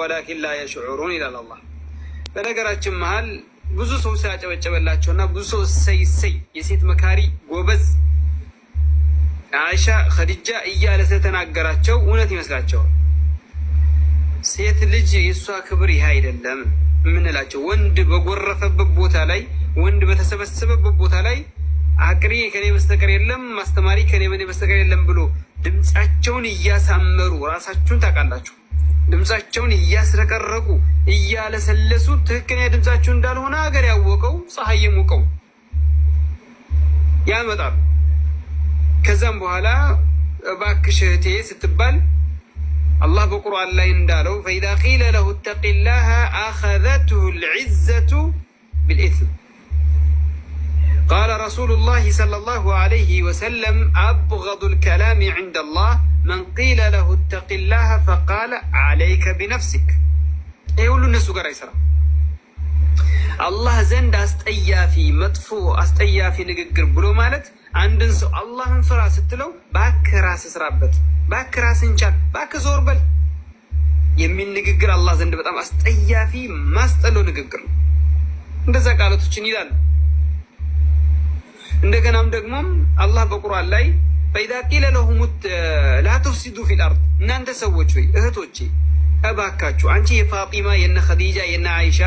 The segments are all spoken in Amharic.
ወላኪን ላ የሽዑሩን ይላል አላህ። በነገራችን መሀል ብዙ ሰው ሲያጨበጨበላቸውና ብዙ ሰው እሰይ እሰይ የሴት መካሪ ጎበዝ አይሻ ኸዲጃ እያለ ስለተናገራቸው እውነት ይመስላቸዋል። ሴት ልጅ የእሷ ክብር ይህ አይደለም የምንላቸው ወንድ በጎረፈበት ቦታ ላይ ወንድ በተሰበሰበበት ቦታ ላይ አቅሪ ከኔ በስተቀር የለም ማስተማሪ ከኔ በኔ በስተቀር የለም ብሎ ድምፃቸውን እያሳመሩ ራሳችሁን ታውቃላችሁ። ድምፃቸውን እያስረቀረቁ እያለሰለሱ ትክክለኛ ድምፃቸው እንዳልሆነ ሀገር ያወቀው ፀሐይ የሞቀው ያመጣሉ። ከዛም በኋላ እባክሽ እህቴ ስትባል አላህ በቁርአን ላይ እንዳለው ፈኢዛ ቂለ ለሁ ተቂላህ አኸዘትሁ ልዕዘቱ ብልኢትም ቃለ ረሱሉላህ ሰለላሁ አለይህ ወሰለም አብገዱ ልከላሚ ዐንደላህ መን ቂለ ለሁ ተቂላህ ፈቃለ አለይከ ቢነፍሲክ ይሄ ሁሉ እነሱ ጋር አይሰራም። አላህ ዘንድ አስጠያፊ መጥፎ አስጠያፊ ንግግር ብሎ ማለት አንድን ሰው አላህን ፍራ ስትለው እባክህ ራስህ ስራበት፣ እባክህ ራስህን ቻል፣ እባክህ ዞር በል የሚል ንግግር አላህ ዘንድ በጣም አስጠያፊ ማስጠሎ ንግግር ነው። እንደዛ ቃላቶችን ይላሉ። እንደገናም ደግሞም አላህ በቁርአን ላይ ፈኢዛ ቂለ ለሁም ላቱፍሲዱ ፊል አርድ፣ እናንተ ሰዎች ሆይ እህቶቼ እባካችሁ አንቺ የፋጢማ የነ ኸዲጃ የነ አይሻ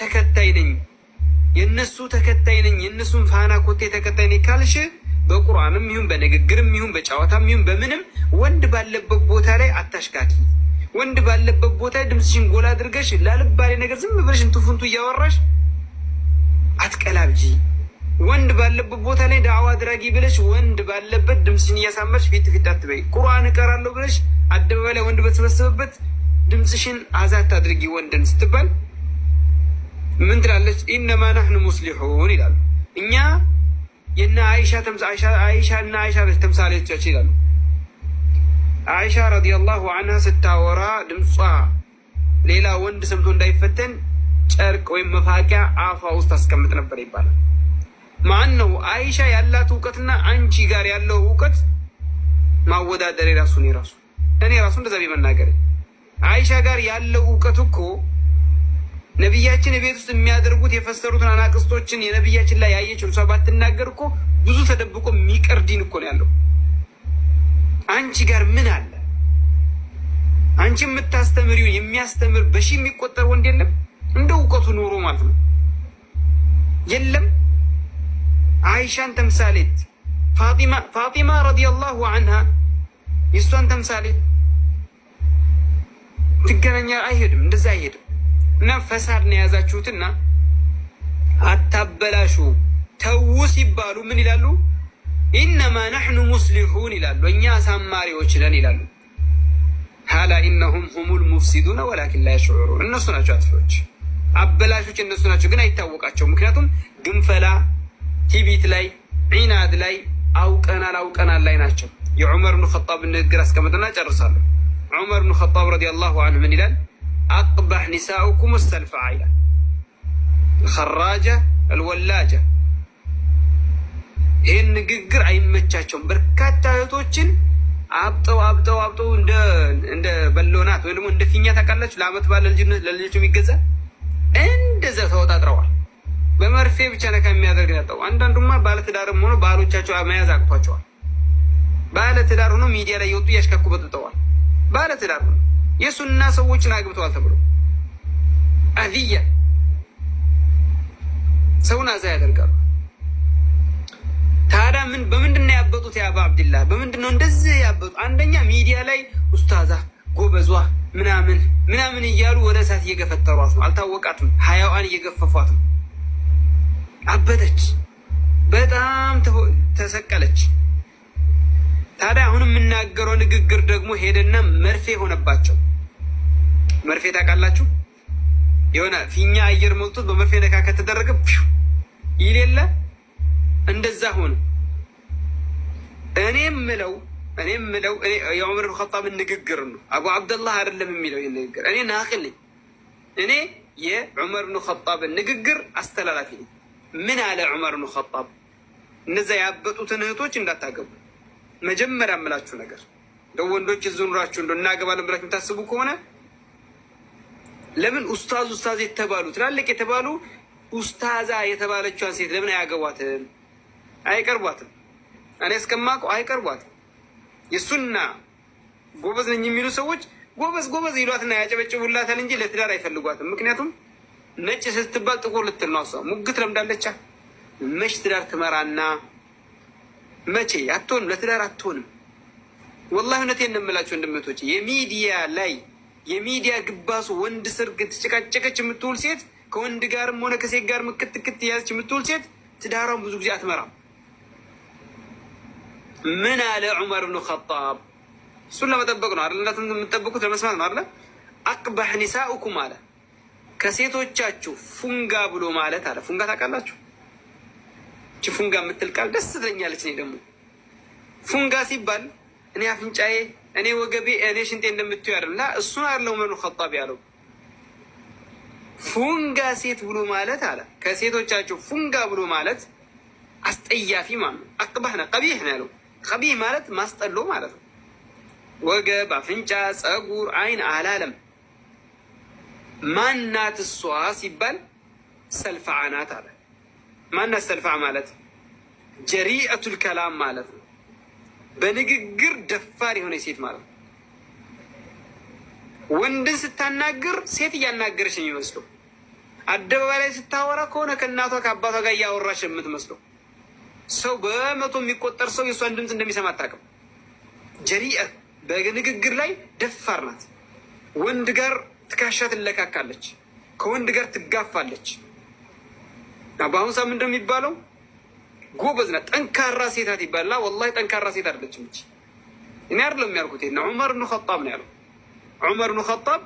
ተከታይ ነኝ የእነሱ ተከታይ ነኝ የእነሱን ፋና ኮቴ ተከታይ ነኝ ካልሽ በቁርአንም ይሁን በንግግርም ይሁን በጨዋታም ይሁን በምንም ወንድ ባለበት ቦታ ላይ አታሽካኪ። ወንድ ባለበት ቦታ ድምፅሽን ጎላ አድርገሽ ላልባሌ ነገር ዝም ብለሽ እንትፉንቱ እያወራሽ አትቀላብጂ። ወንድ ባለበት ቦታ ላይ ዳዋ አድራጊ ብለሽ ወንድ ባለበት ድምፅሽን እያሳመርሽ ፊት ፊት አትበይ። ቁርአን እቀራለሁ ብለሽ አደባባይ ላይ ወንድ በተሰበሰበበት ድምፅሽን አዛት አድርጊ ወንድን ስትባል ምን ትላለች? ኢነማ ናህኑ ሙስሊሑን ይላሉ። እኛ የነ አይሻ እና አይሻ ተምሳሌቶቻችን ይላሉ። አይሻ ረዲየላሁ አንሃ ስታወራ ድምጿ ሌላ ወንድ ሰምቶ እንዳይፈተን ጨርቅ ወይም መፋቂያ አፏ ውስጥ አስቀምጥ ነበር ይባላል። ማን ነው አይሻ ያላት እውቀትና አንቺ ጋር ያለው እውቀት ማወዳደር የራሱ እኔ ራሱ እኔ ራሱ እንደዛ መናገር አይሻ ጋር ያለው እውቀት እኮ ነቢያችን ቤት ውስጥ የሚያደርጉት የፈሰሩትን አናቅስቶችን የነቢያችን ላይ ያየችው እሷ ባትናገር እኮ ብዙ ተደብቆ የሚቀር ዲን እኮ ነው ያለው። አንቺ ጋር ምን አለ? አንቺ የምታስተምሪውን የሚያስተምር በሺ የሚቆጠር ወንድ የለም። እንደ እውቀቱ ኑሮ ማለት ነው የለም አይሻን ተምሳሌት ፋጢማ ረዲየላሁ አንሃ የእሷን ተምሳሌት ትገናኛ አይሄድም፣ እንደዛ አይሄድም። እና ፈሳድ ነው የያዛችሁትና አታበላሹ። ተዉ ሲባሉ ምን ይላሉ? ኢነማ ናሕኑ ሙስሊሑን ይላሉ። እኛ አሳማሪዎች ነን ይላሉ። ሀላ ኢነሁም ሁሙል ሙፍሲዱነ ወላኪን ላ የሽዑሩን። እነሱ ናቸው አጥፊዎች፣ አበላሾች እነሱ ናቸው፣ ግን አይታወቃቸው። ምክንያቱም ግንፈላ ቲቢት ላይ ዒናድ ላይ አውቀናል አውቀናል ላይ ናቸው። የዑመር ብኑ ኸጣብ ንግግር አስቀምጥና ጨርሳለሁ። ዑመር ብኑ ኸጣብ ረዲየላሁ አንሁ ምን ይላል? አቅባህ ኒሳኡኩም ሰልፈዓ ይላል። ልኸራጀ አልወላጀ ይህን ንግግር አይመቻቸውም። በርካታ እህቶችን አብጠው አብጠው አብጠው እንደ በሎናት ወይም ደግሞ እንደ ፊኛ ታውቃላችሁ፣ ለአመት ባለ ለልጆቹ የሚገዛ እንደዛ ተወጣጥረዋል። በመርፌ ብቻ ነካ የሚያደርግ ያጣው። አንዳንዱማ ባለትዳርም ሆኖ ባሎቻቸው መያዝ አቅቷቸዋል። ባለትዳር ሆኖ ሚዲያ ላይ የወጡ እያሽካኩ በጥጠዋል። ባለትዳር ሆኖ የሱና ሰዎችን አግብተዋል ተብሎ አህያ ሰውን አዛ ያደርጋሉ። ታዲያ ምን በምንድን ነው ያበጡት? የአባ አብድላ በምንድን ነው እንደዚህ ያበጡ? አንደኛ ሚዲያ ላይ ኡስታዛ ጎበዟ ምናምን ምናምን እያሉ ወደ እሳት እየገፈጠሯት ነው። አልታወቃትም። ሀያዋን እየገፈፏት ነው። አበደች፣ በጣም ተሰቀለች። ታዲያ አሁን የምናገረው ንግግር ደግሞ ሄደና መርፌ ሆነባቸው። መርፌ ታውቃላችሁ? የሆነ ፊኛ አየር ሞልቶት በመርፌ ነካ ከተደረገ ይሌለ እንደዛ ሆነ። እኔ ምለው እኔ ምለው የዑመር ኸጣብን ንግግር ነው። አቡ አብደላህ አይደለም የሚለው ይህ ንግግር። እኔ ናቅል እኔ የዑመር ብን ኸጣብን ንግግር አስተላላፊ ነኝ። ምን አለ ዑመር ብኑ ኸጣብ? እነዚያ ያበጡትን እህቶች እንዳታገቡ። መጀመሪያ የምላችሁ ነገር እንደ ወንዶች ዝኑራችሁ እንደ እናገባለን ብላችሁ የምታስቡ ከሆነ ለምን ኡስታዝ ኡስታዝ የተባሉ ትላልቅ የተባሉ ኡስታዛ የተባለችዋን ሴት ለምን አያገቧትም? አይቀርቧትም። እኔ እስከማውቀው አይቀርቧትም። የሱና ጎበዝ ነኝ የሚሉ ሰዎች ጎበዝ ጎበዝ ይሏትና ያጨበጭቡላታል እንጂ ለትዳር አይፈልጓትም። ምክንያቱም ነጭ ስትባል ጥቁር ልትል ነው። እሷ ሙግት ለምዳለቻ። መች ትዳር ትመራና መቼ አትሆንም፣ ለትዳር አትሆንም። ወላሂ እውነቴን ነው የምላቸው የሚዲያ ላይ የሚዲያ ግባሱ ወንድ ስር ትጨቃጨቀች የምትውል ሴት ከወንድ ጋርም ሆነ ከሴት ጋር ክትክት የያዘች የምትውል ሴት ትዳሯን ብዙ ጊዜ አትመራም። ምን አለ ዑመር ብኑ ኸጣብ? እሱን ለመጠበቅ ነው አለ። እናት የምትጠብቁት ለመስማት ነው አለ። አቅባህ ኒሳኡኩም አለ ከሴቶቻችሁ ፉንጋ ብሎ ማለት አለ። ፉንጋ ታውቃላችሁ? እቺ ፉንጋ የምትል ቃል ደስ ትለኛለች። እኔ ደግሞ ፉንጋ ሲባል እኔ አፍንጫዬ፣ እኔ ወገቤ፣ እኔ ሽንጤ እንደምትዩ አይደለም። ላ እሱን አለው መኑ ከጣብ ያለው ፉንጋ ሴት ብሎ ማለት አለ። ከሴቶቻችሁ ፉንጋ ብሎ ማለት አስጠያፊ ማለት ነው። አቅባህ ነ ቀቢህ ነው ያለው። ቀቢህ ማለት ማስጠሎ ማለት ነው። ወገብ፣ አፍንጫ፣ ፀጉር አይን አላለም። ማናት እሷ ሲባል ሰልፋዓ ናት አለ። ማናት ሰልፋዓ ማለት ጀሪአቱል ከላም ማለት ነው። በንግግር ደፋር የሆነ ሴት ማለት ነው። ወንድን ስታናግር ሴት እያናገረች ነው የሚመስለው። አደባባይ ላይ ስታወራ ከሆነ ከእናቷ ከአባቷ ጋር እያወራች የምትመስለው። ሰው በመቶ የሚቆጠር ሰው የእሷን ድምፅ እንደሚሰማ አታውቅም። ጀሪአ በንግግር ላይ ደፋር ናት። ወንድ ጋር ትከሻ ትለካካለች ከወንድ ጋር ትጋፋለች። በአሁኑ ሰዓት ምንድን ነው የሚባለው? ጎበዝ ናት፣ ጠንካራ ሴታት ይባላ። ወላሂ ጠንካራ ሴት አይደለችም። እች እኔ አይደለም የሚያልኩት ና ዑመር ብኑ ኸጣብ ነው ያለው። ዑመር ብኑ ኸጣብ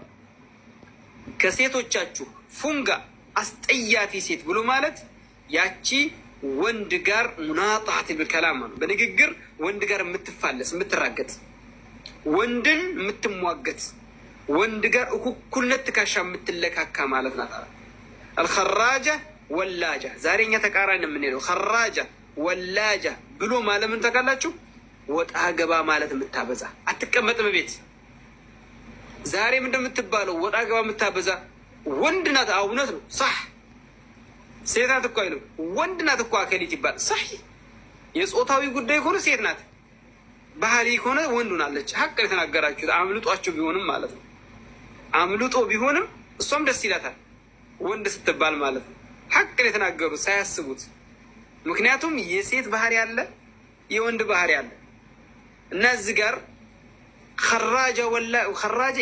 ከሴቶቻችሁ ፉንጋ አስጠያፊ ሴት ብሎ ማለት ያቺ ወንድ ጋር ሙናጣት ከላማ ነው፣ በንግግር ወንድ ጋር የምትፋለስ የምትራገጥ፣ ወንድን የምትሟገት ወንድ ጋር እኩልነት ትከሻ የምትለካካ ማለት ናት። አልከራጃ ወላጃ ዛሬ እኛ ተቃራኒ የምንሄደው ከራጃ ወላጃ ብሎ ማለምን ታውቃላችሁ? ወጣ ገባ ማለት የምታበዛ አትቀመጥም ቤት። ዛሬም እንደምትባለው ወጣ ገባ የምታበዛ ወንድ ናት። እውነት ነው። ሳህ ሴት ናት እኮ አይልም ወንድ ናት እኮ አከሊት ይባል። ሳህ የጾታዊ ጉዳይ ከሆነ ሴት ናት፣ ባህሪ ከሆነ ወንዱን አለች። ሀቅ የተናገራችሁት አምልጧቸው ቢሆንም ማለት ነው። አምልጦ ቢሆንም እሷም ደስ ይላታል። ወንድ ስትባል ማለት ነው። ሀቅን የተናገሩት ሳያስቡት። ምክንያቱም የሴት ባህሪ አለ፣ የወንድ ባህሪ አለ እና እዚህ ጋር ከራጃ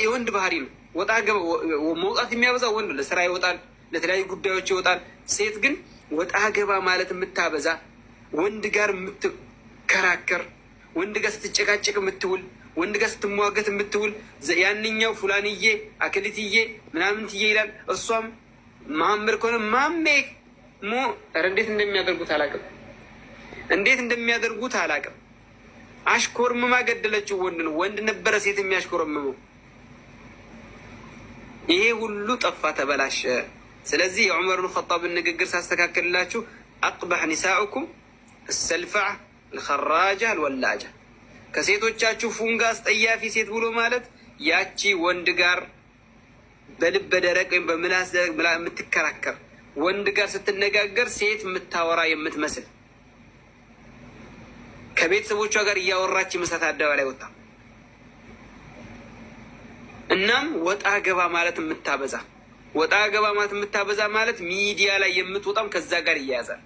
የወንድ ባህሪ ነው። ወጣ መውጣት የሚያበዛ ወንድ ለስራ ይወጣል፣ ለተለያዩ ጉዳዮች ይወጣል። ሴት ግን ወጣ ገባ ማለት የምታበዛ ወንድ ጋር የምትከራከር ወንድ ጋር ስትጨቃጨቅ የምትውል ወንድ ጋር ስትሟገት የምትውል ያንኛው ፉላንዬ አክልትዬ ምናምንትዬ ይላል። እሷም ማምር ከሆነ ማሜ ሞ እንዴት እንደሚያደርጉት አላቅም፣ እንዴት እንደሚያደርጉት አላቅም። አሽኮርምማ ገደለችው። ወንድ ነው ወንድ ነበረ ሴት የሚያሽኮርምመው። ይሄ ሁሉ ጠፋ፣ ተበላሸ። ስለዚህ የዑመር ብን ኸጣብን ንግግር ሳስተካከልላችሁ አቅባህ ኒሳኡኩም እሰልፋዕ ልኸራጃ ልወላጃ ከሴቶቻችሁ ፉንጋስ ጠያፊ ሴት ብሎ ማለት ያቺ ወንድ ጋር በልብ ደረቅ ወይም በምላስ ደረቅ የምትከራከር ወንድ ጋር ስትነጋገር ሴት የምታወራ የምትመስል ከቤተሰቦቿ ጋር እያወራች ምሳት አደባባይ ወጣ። እናም ወጣ ገባ ማለት የምታበዛ ወጣ ገባ ማለት የምታበዛ ማለት ሚዲያ ላይ የምትወጣም ከዛ ጋር እያያዛል።